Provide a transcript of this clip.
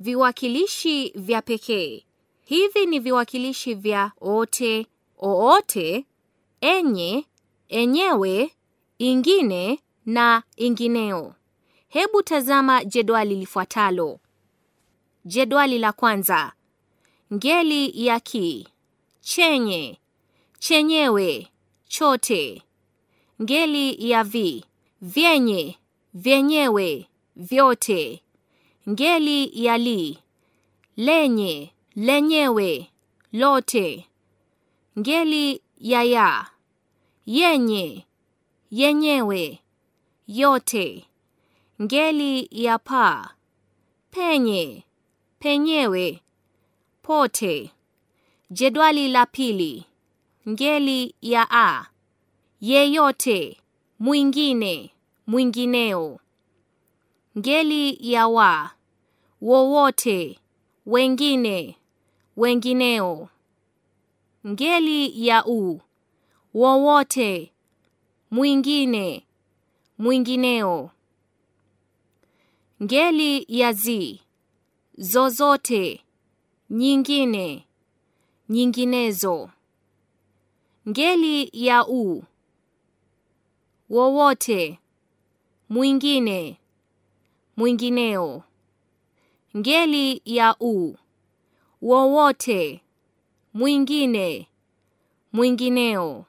Viwakilishi vya pekee. Hivi ni viwakilishi vya ote, oote, enye, enyewe, ingine na ingineo. Hebu tazama jedwali lifuatalo. Jedwali la kwanza. Ngeli ya ki, chenye, chenyewe, chote. Ngeli ya vi, vyenye, vyenyewe, vyote ngeli ya li, lenye, lenyewe, lote. Ngeli ya ya, yenye, yenyewe, yote. Ngeli ya pa, penye, penyewe, pote. Jedwali la pili, ngeli ya a, yeyote, mwingine, mwingineo. Ngeli ya wa wowote, wengine, wengineo. Ngeli ya u, wowote, mwingine, mwingineo. Ngeli ya zi, zozote, nyingine, nyinginezo. Ngeli ya u, wowote, mwingine, mwingineo. Ngeli ya u. Wowote, mwingine, mwingineo.